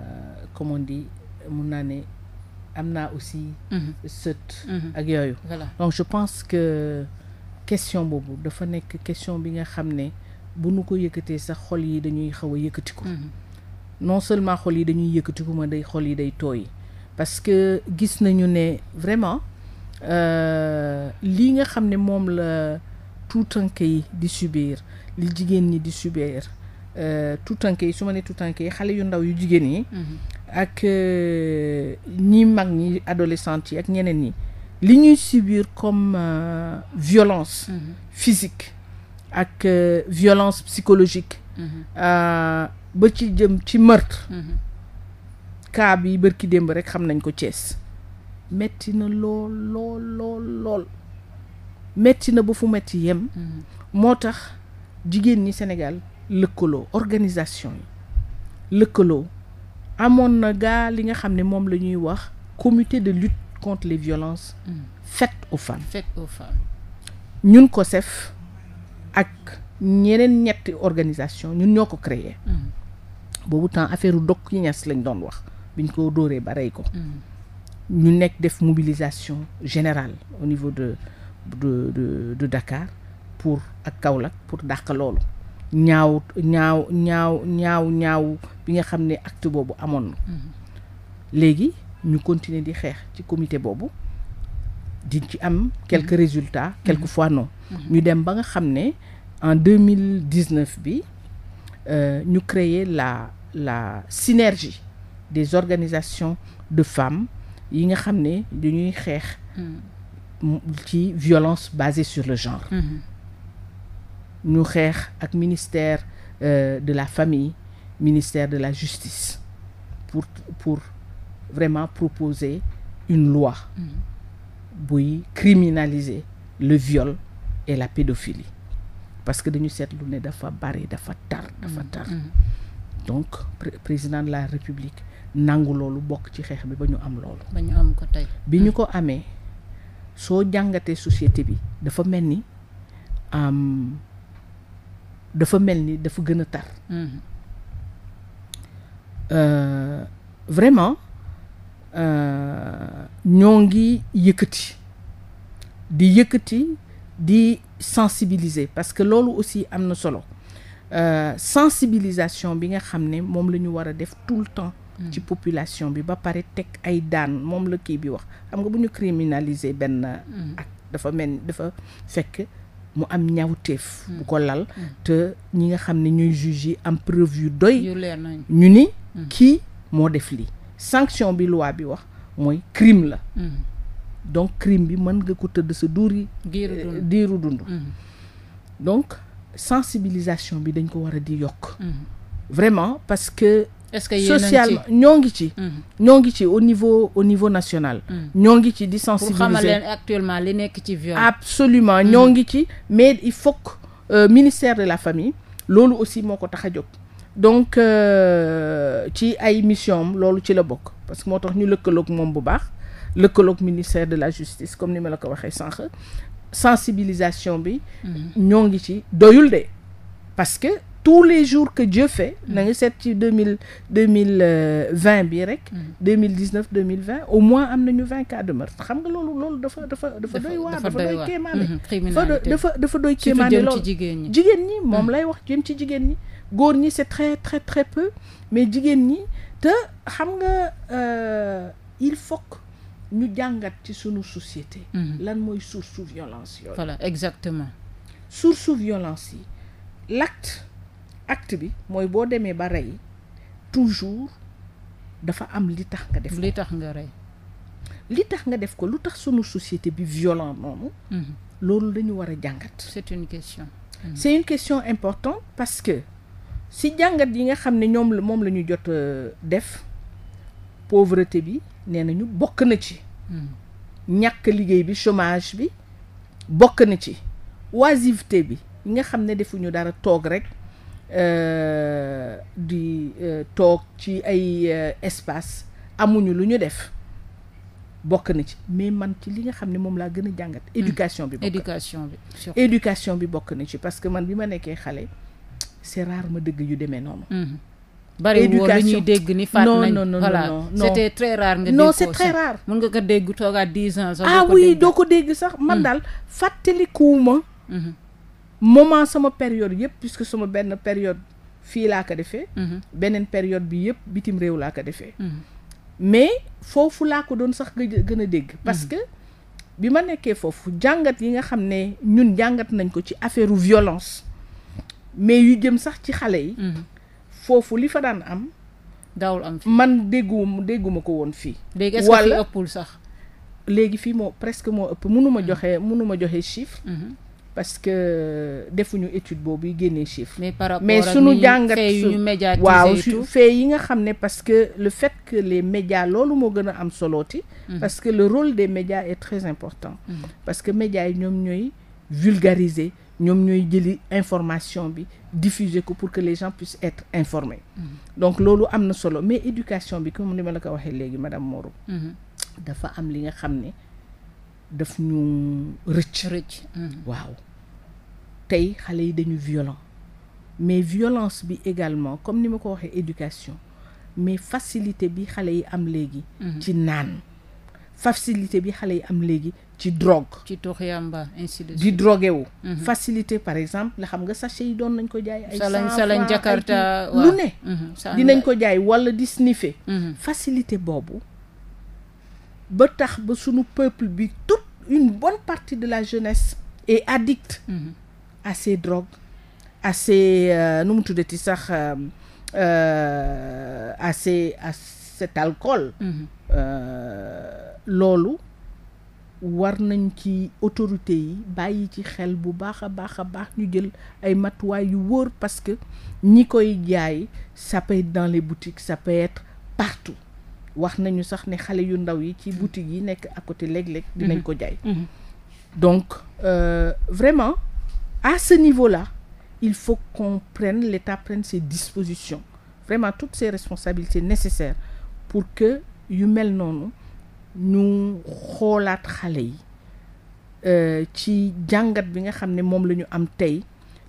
comme on dit mun naa ne am naa aussi mhm. sët mhm. ak yooyu donc je pense que question boobu dafa nekk question bi nga xam ne bu nu ko yëkkatee sax xol yi dañuy xaw a yëkkatiku mhm. non seulement xol yi dañuy yëkkatiku ma day xol yi day tooy parce que gis nañu ne vraiment euh, lii nga xam ne moom la tuutanke yi di subir li jigéen ñi di subir Euh, tuutànke yi su ma ne tuutànke yi xale yu ndaw yu jigéen yi mhm. ak euh, ñi mag ñi adolescentes yi ak ñeneen ñi li ñuy subir comme euh, violence mhm. physique ak euh, violence psychologique mhm. euh, ba ci jëm ci meurtre cas bi bërki démb rek xam nañ ko Thiès metti na lool lool lool lool metti na ba fu metti yem moo tax jigéen ñi Sénégal lëkkaloo organisation yi lëkkaloo amoon na gaa li nga xam ne moom la ñuy wax comité de lutte contre les violences faites au femmes faites aux femmes ñun ko sef ak ñeneen ñetti organisation ñun ñoo ko créer mm-hmm. boobu temps affaire u dokk yi ñes lañ doon wax biñ ko dóoree ba rey ko mm-hmm. ñu nekk def mobilisation générale au niveau de de de, de Dakar pour ak Kaolack pour dàq loolu ñaaw ñaaw ñaaw ñaaw ñaaw bi nga xam ne acte boobu amoon na mm-hmm. léegi ñu continuer di xeex ci commité boobu di ci am quelques mm-hmm. résultats quelquefois mm-hmm. non ñu dem ba nga xam ne en deux mille dix-neuf bi euh, ñu créer la la synergie des organisations de femmes yi nga xam ne dañuy xeex ci violence basée sur le genre ñu xeex ak ministère euh, de la famille ministère de la justice pour pour vraiment proposer une loi mm-hmm. buy criminaliser le viol et la pédophilie parce que dañu seetlu ne dafa bari dafa tar dafa mm-hmm. tar mm-hmm. donc pr président de la république nangu loolu bokk ci xeex bi ba ñu am loolu ba am ko tey bi ñu mm. ko amee soo jàngatee société bi dafa mel ni dafa mel ni dafa gën a tar euh, vraiment euh, ñoo ngi yëkkati di yëkkati di sensibiliser parce que loolu aussi am na solo euh, sensibilisation bi nga xam ne moom la ñu war a def tout le temps mm. ci population bi ba pare teg ay daan moom la kii bi wax xam nga bu ñu criminaliser benn mm. ak dafa mel ni dafa fekk mu am ñawteef bu mm. ko lal mm. te ñi nga xam ne ñooy juge yi am preuve yu doy ñu ni mm. kii moo def lii sanction bi loi bi wax mooy crime la donc crime bi mën nga ko tëdd sa duur yi diiru dund eh, donc sensibilisation bi dañ ko war a di yokk vraiment parce est-ce que socialement ñoo ngi ci. Mm-hmm. ñoo ngi ci au niveau au niveau national. Mm-hmm. ñoo ngi ci di sensibiliser pour actuellement li nekk ci viol. absolument mm-hmm. ñoo ngi ci mais il faut euh, ministère de la famille loolu aussi moo ko tax a jóg. donc euh, ci ay mission loolu ci la bokk parce que moo tax ñu lëkkaloog moom bu baax lëkkaloog ministère de la justice comme ni ma la ko waxee sànq sensibilisation bi. ñoo ngi ci doyul de parce que. tous les jours que Dieu fait mm. na nga seet ci deux mille deux mille euh, vingt bi rek. Mm. deux mille dix neuf deux mille vingt au mois am nañu vingt cas de xam nga loolu loolu dafa dafa dafa doy waar dafa doy kéemaane. Mm-hmm. criminalité dafa dafa doy kéemaane loolu jigéen ñi. jigéen ñi moom mm. lay wax jëm ci jigéen ñi góor ñi c'est très très très peu mais jigéen ñi te xam nga euh, il faut que ñu jàngat ci sunu société. Mm-hmm. lan mooy source su violence yooyu. voilà exactement. source su violence yi l'acte acte bi mooy boo demee ba rey toujours dafa am li tax nga def li tax nga rey li tax nga def ko lu tax sunu société bi violent noonu mhm. loolu lañu war a jàngat c'est une question mmh. question importante parce que si jàngat yi nga xam ne ñoom la moom la ñu jot def pauvreté bi nee nañu bokk na ci mhm. ñàkk liggéey bi chomage bi bokk na ci oisiveté bi nga xam ne defuñu dara toog rek Euh, di euh, toog ci ay euh, espace amuñu lu ñu def bokk na ci mais man ci li nga xam ne moom laa gën a jàngat hmm. éducation bi éducation bi éducation bi bokk na ci parce que man bi ma nekkee xale c'est rare ma dëgg yu demee noonu hmm. bari woon lu ñuy dégg ni faat nañ non non voilà non, non. c'était nga c'est très rare mën nga ko dégg toogaat dix ans sax ah doo ko dégg sax man hmm. daal fàttalikuwuma moment sama période yëpp puisque suma benn période fii laa ko defee mhm. beneen période bi yëpp bitim réew laa ko defee mhm. mais foofu laa ko doon sax gën a dégg parce mhm. que bi ma nekkee foofu jàngat yi nga xam ne ñun jàngat nañ ko ci affaire violence mais yu jëm sax ci xale yi foofu li fa daan am daawul am fii man déggu dégguma ko woon fii léegi est sax léegi fii moo presque moo ëpp mënuma joxe mënuma joxe chiffre parce que defuñu étude boobu yu génnee chiffre. mais par rapport ak suñu jàngat su waaw fee yi nga xam ne parce que le fait que les médias loolu moo gën a am solooti. Mm-hmm. parce que le rôle des médias est très important. Mm-hmm. parce que médias yi ñoom ñooy vulgariser ñoom ñooy jëli information bi diffuser ko pour que les gens puissent être informés. Mm-hmm. donc loolu am na solo mais éducation bi comme ni ma la ko waxee léegi madame Moreau. dafa am li nga xam ne. daf ñu rëcc rëcc mm-hmm. waaw tey xale yi dañu violent mais violence bi également comme ni ma ko waxee éducation mais facilité bi xale yi am léegi mm-hmm. ci naan facilité bi xale yi am léegi ci drogue ci tux yamba ainsi de suite di drogué wu mm-hmm. facilité par exemple la xam nga sachet yi doon nañ ko jaay ay salañ salañ jakarta lu ne dinañ ko jaay wala di facilité boobu ba tax ba sunu peuple bi toute une bonne partie de la jeunesse est addict mm -hmm. à ces drogues à euh, nu mu tuddee ti sax euh, euh, à ces à cet alcool mm loolu war nañ ci autorité yi bàyyi ci xel bu baax a baax a baax ñu jël ay matuwaay yu wóor parce que ñi koy jaay ça peut dans les boutiques ça peut être partout wax nañu sax ni xale yu ndaw yi ci boutique yi nekk à côté léeg-léeg dinañ mhm. ko jaay mhm. donc euh, vraiment à ce niveau-là il faut qu'on prenne l'État prenne ses dispositions vraiment toutes ses responsabilités nécessaires pour que yu mel noonu ñu xoolaat xale yi euh, ci jàngat bi nga xam ne moom la ñu am tey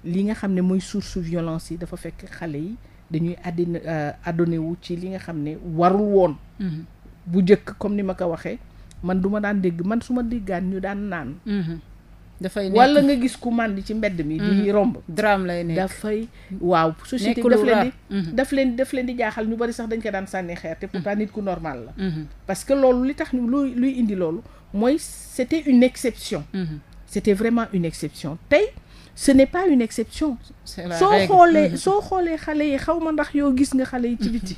li nga xam ne mooy source violence yi dafa fekk xale yi dañuy addina euh, adonné wu ci li nga xam ne warul woon mm-hmm. bu jëkk comme ni ma ko waxee man duma daan dégg man su ma déggaan ñu daan naan mm-hmm. dafay nekk wala nga gis ku màndi ci mbedd mi di mm-hmm. romb drame lay nekk dafay waaw société daf leen di daf leen daf leen di jaaxal ñu bari sax dañ ko daan sànni xeer te pourtant nit ku normal la parce que loolu li tax ñu luy luy indi loolu mooy c'était une exception c'était vraiment une exception tey ce n'est pas une exception soo xoolee soo xoolee xale yi xaw ma ndax yoo gis nga xale yi ci biti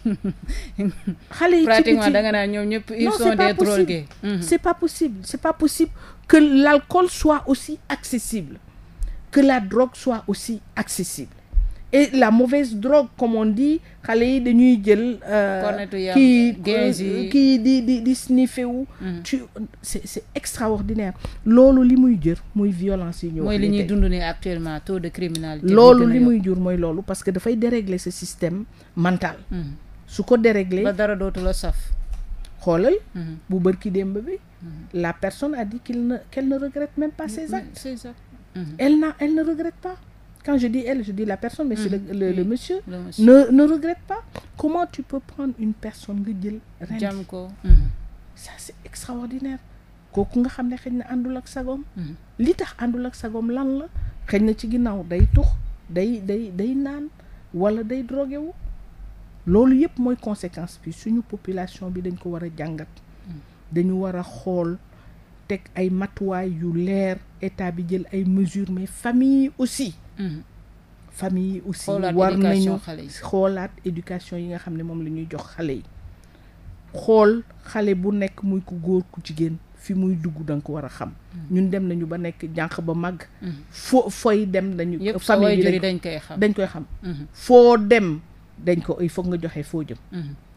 xale yi ci biti da nga naan ñoom ñëpp ils sont des drogués mhm. c'est pas possible c'est pas possible que l'alcool soit aussi accessible que la drogue soit aussi accessible la mauvaise drogue comme on dit xale yi dañuy jël. Euh, kii euh, kii di di di sniffé wu. Mm-hmm. tu c' est extraordinaire. loolu li muy jër muy violence yi. ñëw mooy li ñuy dund actuellement taux de loolu li muy jur mooy loolu parce que dafay dérégler ce système mental. Mm-hmm. su ko dérégler ba dara dootu la saf. xoolal. Mm-hmm. bu bërki démb bi. la personne a dit qu' il ne qu' elle ne regrette même pas ses actes. elle n' elle ne regrette pas. quand je dis elle la personne mais c'est le, le, mm-hmm. le monsieur ne ne regrette pas comment tu peux prendre une personne nga jël ren ko mm-hmm. ça c'est extraordinaire kooku nga xam ne xëy na àndul ak sagoom mm-hmm. li tax àndul ak sagoom lan la xëy na ci ginnaaw day tux day day day naan wala day drogué wu loolu yëpp mooy conséquence bi suñu population bi dañ ko war a jàngat dañu war a xool teg ay matuwaay yu leer état bi jël ay mesures mais famille aussi Mhm. famille yi aussi war nañu xoolaat éducation yi nga xam ne moom la ñuy jox xale yi xool xale bu nekk muy ku góor ku jigéen fi muy dugg da ko war a xam mhm. ñun dem nañu ba nekk jànq ba màgg mhm. foo fooy dem dañu famille yi dañ koy xam dañ koy xam foo dem dañ ko il faut nga joxe foo jëm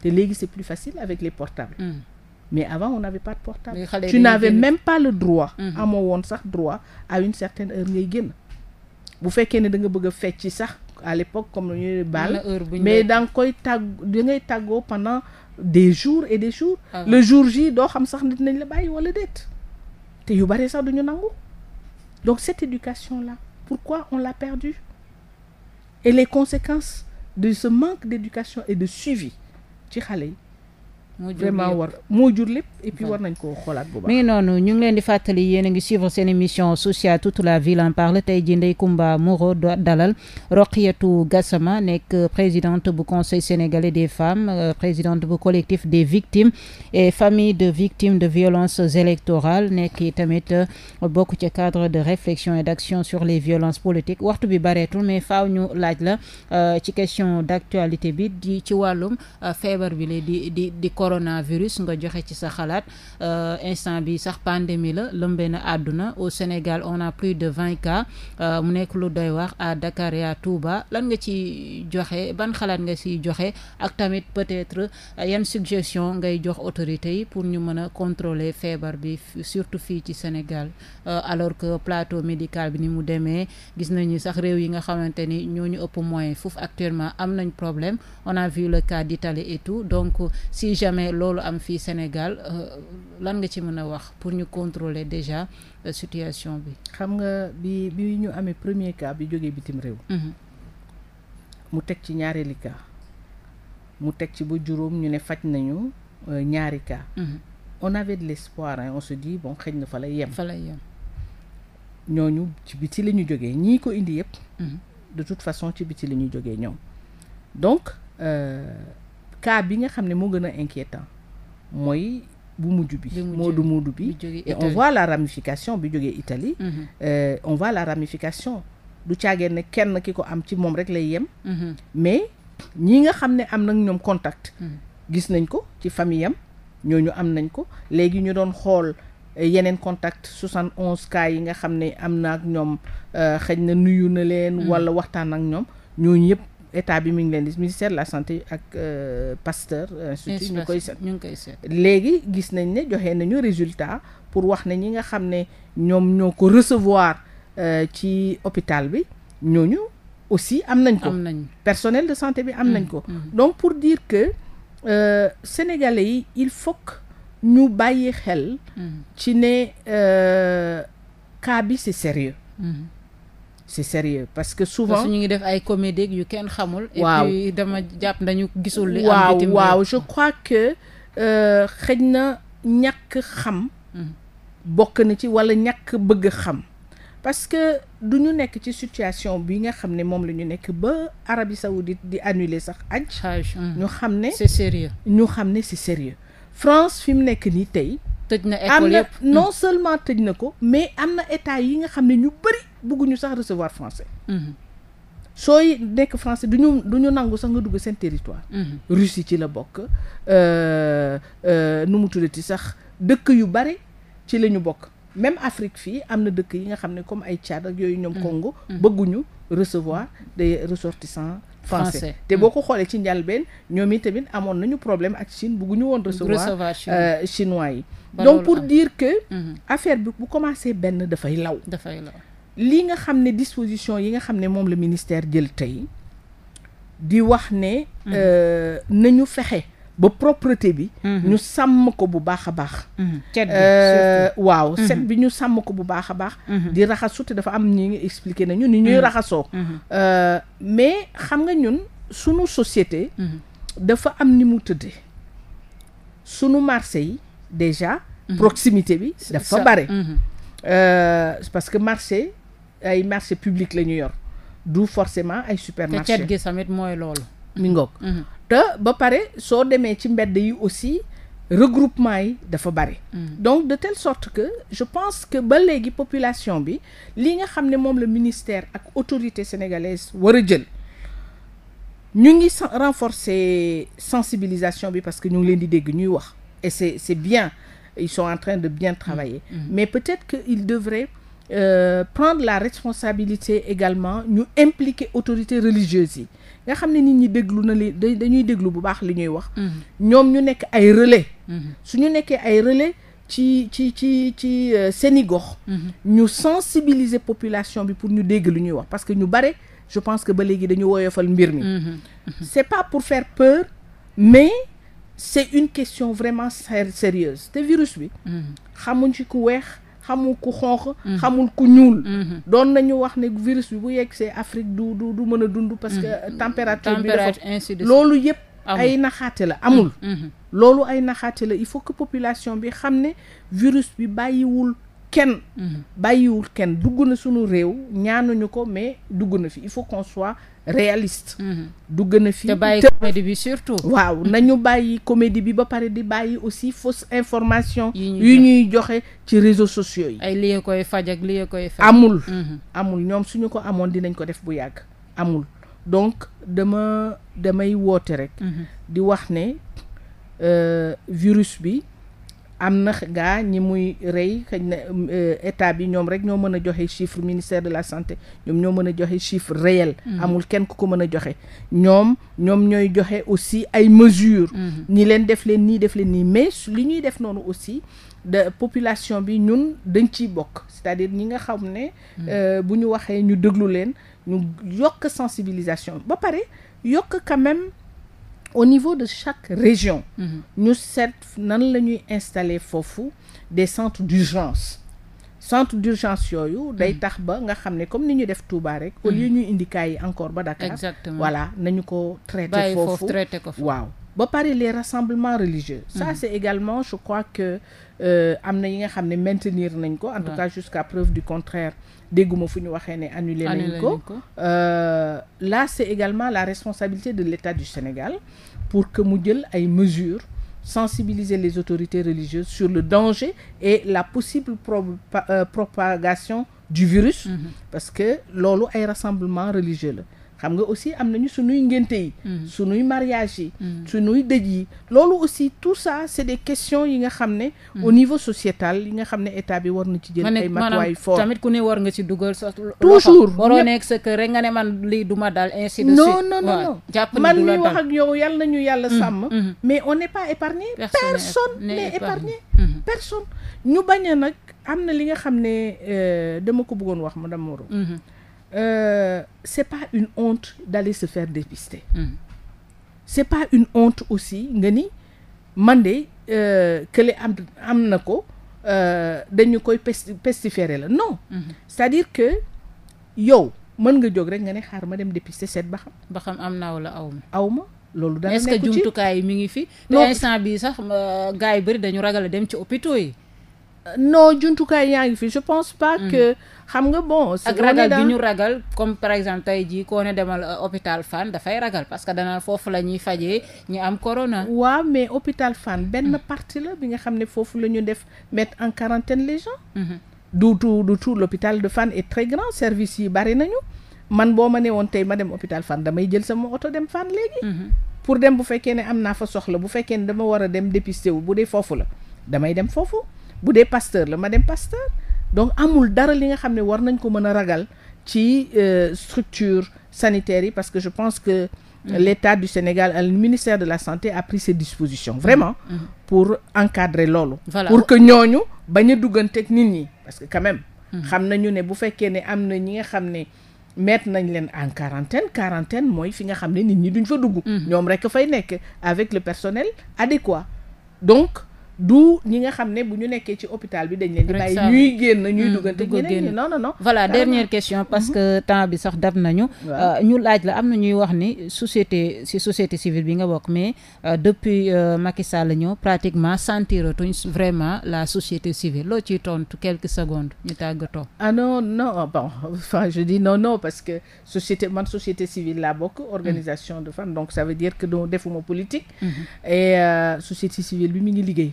te léegi c'est plus facile avec les portables mais avant on n'avait pas de portable tu n'avais même pas le droit amoo woon sax droit à une certaine heure ngay génn bu fekkee ne da nga bëgg a fecci sax à l'époque comme ñu baal mais da koy tàgg da ngay tàggoo pendant des jours et des jours ah. le jour J doo xam sax nit nañ la bàyyi wala déet te yu bari sax duñu nangu donc cette éducation là pourquoi on l'a perdue et les conséquences de ce manque d'éducation et de suivi ci xale yi vraiment war moo jur lépp et puis war nañ koo xoolaat bu baax. mi ngi noonu ñu ngi leen di fàttali yéen a ngi suivre seen émission sociale toute la ville en parle tey jii Ndeye Comba Moreau dalal Roqiyatou Gassama nekk présidente bu conseil sénégalais des femmes euh, présidente bu collectif des victimes et familles de victimes de violences électorales nekk tamit euh, bokk ci cadre de réflexion et d'action sur les violences politiques waxtu bi bareetul mais faaw ñu laaj la euh, ci question d'actualité bi di ci wàllum feebar bi la di di di coronavirus nga joxe ci sa xalaat euh, instant bi sax pandémie la lëmbee na àdduna au Sénégal on a plus de vingt cas euh, mu nekk lu doy wax à Dakar et à lan nga ci joxe ban xalaat nga ci joxe ak tamit peut-être yan suggestion ngay jox autorités yi pour ñu mën a contrôler feebar bi surtout fii ci Sénégal euh, alors que plateau médical bi ni mu demee gis nañu sax réew yi nga xamante ni ñoo ñu ëpp moyen foofu actuellement am nañ problème on a vu le cas d'Italie amee loolu am fii Sénégal euh, lan nga ci mën a wax pour ñu contrôler déjà euh, situation bi. xam nga bi bi ñu amee premier cas bi jógee bitim réew. Mhm. mu teg ci ñaareeli cas mu teg ci ba juróom ñu ne faj nañu euh, ñaari cas. Mhm. on avait de l'espoir hein, on se dit bon xëy na fa lay yem. fa lay yem ñooñu ci biti la ñu jógee ñii ko indi yëpp. Mhm. de toute façon ci biti la ñu jógee ñoom donc. cas bi nga xam ne moo gën a inquiétant mooy bu mujj bi moodu moodu bi et on voit la ramification bi jógee Italie mm-hmm. euh, on voit la ramification du caageen ne kenn ki ko am ci moom rek lay yem mm-hmm. mais ñi nga xam ne am nag ñoom contact mm-hmm. gis nañ ko ci famille am ñooñu am nañ ko léegi ñu doon xool euh, yeneen contact 71 cas yi nga xam ne am na ak ñoom euh, xëy na nuyu na leen walla waxtaan ak ñoom ñooñ yëpp état bi mi ngi leen di ministère la santé ak euh, Pasteur institut ñu koy seet ñu ngi koy léegi gis nañ ne joxe nañu résultat pour wax ne ñi nga xam ne ñoom ñoo ko recevoir euh, ci hôpital bi ñoo ñu aussi am nañ ko personnel de santé bi am nañ mm, ko mm. donc pour diir que euh, sénégalais yi il faut que ñu bàyyi xel mm. ci ne euh, cas bi sérieux c'est sérieux parce que souvent ñu ngi def ay comédie yu kenn xamul. waaw et dama jàpp nañu gisul. li am bitim waaw waaw je crois que euh, xëj na ñàkk xam. Mm-hmm. bokk na ci walla ñàkk bëgg xam. parce que du ñu nekk ci situation bi nga xam ne moom la ñu nekk ba arabi Saoudite di annuler sax aj mm-hmm. ñu xam ne c'est sérieux xam ne c'est sérieux France fi mu nekk nii tey tëj na école yëpp non seulement tëj na ko mais am na état yi nga xam ne ñu bëri bëgguñu sax recevoir français. Mhm. sooy nekk français du ñu du nangu sax nga dugg seen territoire. Mhm. Russie ci la bokk euh, euh, nu mu tuddati sax dëkk yu bare ci la ñu bokk. même Afrique fii am na dëkk yi nga xam ne comme ay Tchad ak yooyu ñoom mhm. Congo bëgguñu recevoir de ressortissants français te boo ko xoolee ci njalbeen ñoom i tamit amoon nañu problème ak Chine bëgguñu woon recevoir euh, chinois yi donc pour dire que affaire bi bu commencé benn dafay law dafay law li nga xam ne disposition yi nga xam ne moom la ministère jël tey di wax ne mm-hmm. euh, nañu fexe ba propreté bi ñu sàmm ko bu baax a baax waaw set bi ñu sàmm mm-hmm. ko bu baax a baax di raxasu te dafa am ñi ngi expliqué nañu ni ñuy mm-hmm. raxasoo euh, mais xam nga ñun sunu société dafa am ni mu tëddee sunu marché yi déjà proximité bi dafa bare euh, parce que marché ay marché public la ñu yor du forcément ay supermarché te cet gi tamit mooy loolu mi mm-hmm. te ba pare soo demee ci mbedd yi aussi regroupement yi dafa bari mm. donc de telle sorte que je pense que ba léegi population bi li nga xam ne moom la ministère ak autorité sénégalaise war a jël ñu ngi renforcer sensibilisation bi parce que ñu ngi leen di dégg ñuy wax et c'est c'est bien ils sont en train de bien travailler mm, mm. mais peut-être que ils devraient euh, prendre la responsabilité également ñu impliquer autorités religieuses yi nga xam ne nit ñi déglu na li dañuy déglu bu baax li ñuy wax mm-hmm. ñoom ñu nekk ay relais mm-hmm. ñu nekkee ay relais ci ci ci ci euh, seeni gox mm-hmm. ñu sensibiliser population bi pour ñu dégg lu ñuy wax parce que ñu bare je pense que ba léegi dañu woyofal mbir mi c'est pas pour fair peur mais c'est une question vraiment sérieuse te virus bi xamuñ ci ku weex xamul ku xonq mhm. xamul ku ñuul mhm. doon nañu wax ne virus bi bu see Afrique du du du mën a dund parce que mhm. température bi dafa loolu yëpp ay naxaate la amul loolu ay naxaate la il faut que population bi xam ne virus bi bàyyiwul kenn bàyyiwul kenn dugg na sunu réew ñaanuñu ko mais dugg na fi il faut qu'on soit réaliste. Mhm. du gën fi te bàyyi comédie bi surtout. waaw nañu bàyyi comédie bi ba pare di bàyyi aussi fausse information. yu ñuy joxe ci réseaux sociaux yi. ay lii koy faj ak lii amul mhm. amul ñoom suñu ko amoon dinañ ko def bu yàgg amul donc dama damay woote rek. Mhm. di wax ne euh, virus bi. am na gaa ñi muy rey xëy na euh, état bi ñoom rek ñoo mën a joxe chiffre ministère de la santé ñoom ñoo mën a joxe chiffre réel. Mhm. amul kenn ku ko mën a joxe. ñoom ñoom ñooy joxe aussi ay mesures. Mhm. ñi leen def leen nii def leen nii mais li ñuy def noonu aussi. de population bi ñun dañ ci bokk c'est-à-dire ñi nga xam ne mhm. euh, bu ñu waxee ñu déglu leen ñu yokk sensibilisation ba pare yokk quand au niveau de chaque région ñu mhm. seet nan la ñuy installer foofu des centres d'urgence centre d'urgence yooyu mhm. day tax ba nga xam ne comme ni ñu def Touba rek au mhm. lieu ñu indi cas yi encore ba Dakar exactement voilà nañu ko traité foofu waaw ba pare les rassemblements religieux ça mm c'est également je crois que euh, am na yi nga xam ne maintenir nañ ko en tout cas jusqu'à preuve du contraire dégguma fu ñu waxee ne annulé nañ ko euh, là c'est également la responsabilité de l'État du Sénégal pour que mu jël ay mesures sensibiliser les autorités religieuses sur le danger et la possible pro euh, propagation du virus mhm. parce que loolu ay rassemblements religieux la xam nga aussi am nañu suñuy ngénte yi mm. suñuy mariage yi mm. suñuy dëj yi loolu aussi tout ça c'est des question yi nga xam ne mm. au niveau sociétal yi nga xam ne état bi war na ci jël ay matuwaay tamit ku ne war nga ci dugal sa toujours waroo nekk sa kër rek nga ne man lii duma daal ainsi de suite non non non jàpp man mi wax ak yow yàlla nañu yàlla sàmm mais on n'est pas épargné personne n'est épargné personne ñu bañ a nag am na li nga xam ne euh, dama ko buggoon wax ma dama euh, c'est pas une honte d'aller se faire dépister mmh. c'est pas une honte aussi nga ni man de euh, kële am am na ko euh, dañu koy pes pestiféré la non mm-hmm. c'est-à-dire que yow mën nga jóg rek nga ne xaar ma dem dépister seet ba xam ba xam am naa wala awma awma loolu dana nekk ci est-ce que yi mi ngi fi te instant bi sax euh, gars yi bëri dañu ragal a dem ci hôpitaux yi non jumtukaay yaa ngi fi je pense pas mm. que. xam nga bon. ak ragal bi ñu ragal comme par exemple tey jii koo ne demal euh, hôpital fan dafay ragal parce que dana foofu la ñuy fajee ñu am corona. waaw mais hôpital Fann benn mm. partie la bi nga xam ne foofu la ñu def mettre en quarantaine les gens. Mm-hmm. du tout du tout l'hôpital de Fann est très grand service yi bari nañu man boo ma ne woon tey ma dem hôpital Fann damay jël sama oto dem fan léegi. Mm-hmm. pour dem bu fekkee ne am naa fa soxla bu fekkee ne dama war a dem dépister wu bu dee foofu la damay dem foofu. bu dee pasteur la ma dem pasteur donc amul dara li nga xam ne war nañ ko mën a ragal ci euh, structure sanitaire yi parce que je pense que mm. l'État du Sénégal le ministère de la santé a pris ses dispositions vraiment mm. Mm. pour encadrer loolu pour que ñooñu bañ a dugganteeg nit ñi parce que quand même xam nañu ne bu fekkee ne am na ñi nga xam ne mettre nañ leen en quarantaine quarantaine mooy fi nga xam ne nit ñi duñ fa dugg ñoom rekk fay nekk avec le personnel adéquat donc du ñi nga xam ne bu ñu nekkee ci hôpital bi dañ leen di bàyyi ñuy génn ñuy hmm, duggante ñeneen ñi non non non voilà dernière question parce mhm. que temps bi sax dab nañu euh, ñu laaj la am na ñuy wax ni société si société civile bi nga bokk mais euh, depuis euh, Macky Sall ñëw pratiquement sentiratuñ vraiment la société civile loo ciy tontu quelques secondes ñu tàggatoo ah non non ah, bon enfin je dis non parce que société man société civile laa bokk hmm. organisation de femmes donc ça veut dire que doo defuma politique mhm. et société civile bi mi ngi liggéey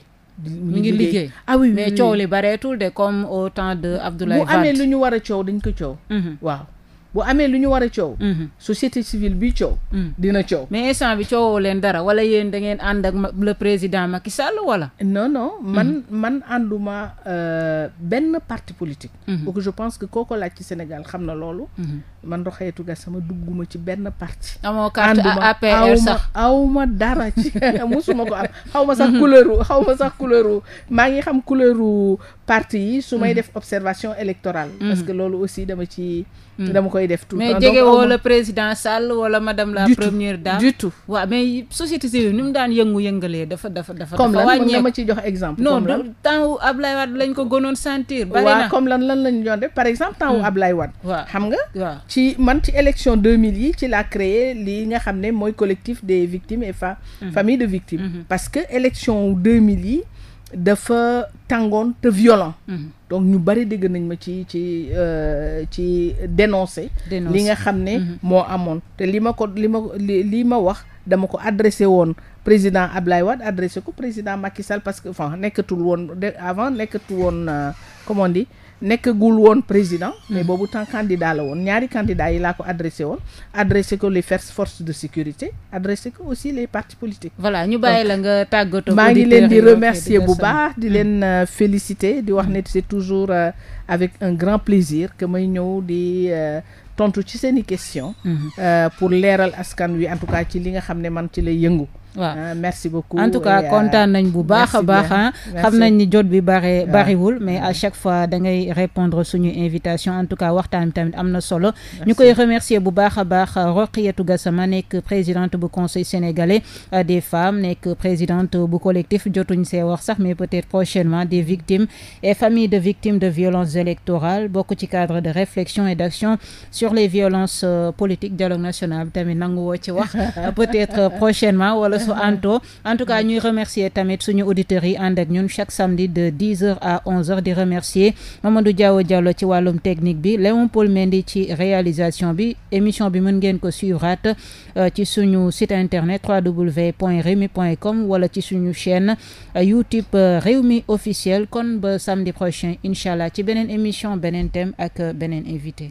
mu ngi liggéey ah oui coow li bareetul de comme au temps de Abdoulaye Wade bu amee lu ñu war a coow dañ ko coow mhm. bu amee lu ñu war a coow. Mhm. société civile bi coow. Mhm. dina coow. mais instant bi coowoo leen dara wala yéen da ngeen ànd ak ma le président Macky Sall wala. non no man mhm. man ànduma euh, benn parti politique. parce que je pense que kooko laaj ci Sénégal xam na loolu. man Rokhaya Touga sama dugguma ci benn parti. amoo carte APR sax awma dara ci musuma ko am xaw ma sax couleur xaw ma sax couleur maa ngi xam couleur parti yi. su may def observation électorale. parce que loolu aussi dama ci. Mm. dama koy def tout mais jege woo la président Sall wala madame la première dame du tout waaw mais société civile ni mu daan yëngu-yëngalee dafa dafa dafa comme lan mën na ma jox exemple non temps wu Ablaye Wade lañ ko gënoon sentir bari na waaw comme lan lan lañ doon def par exemple temps wu mm. Ablaye Wade waaw xam nga waaw ci man ci élection mille yi ci laa créé li nga xam ne mooy collectif de victimes et fa mm-hmm. famille de victimes mm-hmm. parce que élection 2000 yi dafa tàngoon te violent mm-hmm. donc ñu bari dégg nañ ma ci ci euh, ci dénoncer li nga xam ne mm-hmm. moo amoon te li ma ko li ma li ma wax dama ko adressé woon président Ablaye wax adressé ko président Macky Sall parce que enfin nekkatul woon avant nekkatul woon euh, comment on dit nekkagul woon président mais hmm. boobu temps candidat la woon ñaari candidat yi laa ko adressé woon adressé ko les force de sécurité adressé ko aussi les parti politiques voilà ñu bàyyi la nga tàggatoo maa ngi leen di remercier bu baax di hmm. leen euh, féliciter di wax ne c'est toujours euh, avec un grand plaisir que may ñëw di euh, tontu ci seen i question hmm. pour leeral askan wi en tout cas ci li nga xam ne man ci lay yëngu waaw ah, merci beaucoup en tout cas euh, kontaan nañ bu baax a baax xam nañ ni jot bi bare ah. bariwul mais à chaque fois da ngay répondre suñu invitation en tout cas waxtaan bi tamit am na solo ñu koy remercier bu baax a baax euh, Roqiyatu Gassama nekk présidente bu conseil sénégalais euh, des femmes nekk présidente bu collectif jotuñ se wax sax mais peut-être prochainement des victimes et familles de victimes de violences électorales bokk ci cadre de réflexion et d'action sur les violences politiques dialogue national tamit nangu woo ci wax peut Casu Anto en tout cas ñuy remercie tamit suñu auditeurs yi ànd ak ñun chaque samedi de 10 heures à 11 heures di remercier Mamadou Diaw Diallo ci wàllum technique bi Léon Paul Mendy ci réalisation bi émission bi mën ngeen ko suivraat euh, ci suñu site internet www.rewmi.com wala ci suñu chaîne euh, YouTube euh, Rewmi officiel kon ba samedi prochain incha allah ci beneen émission beneen thème ak beneen invité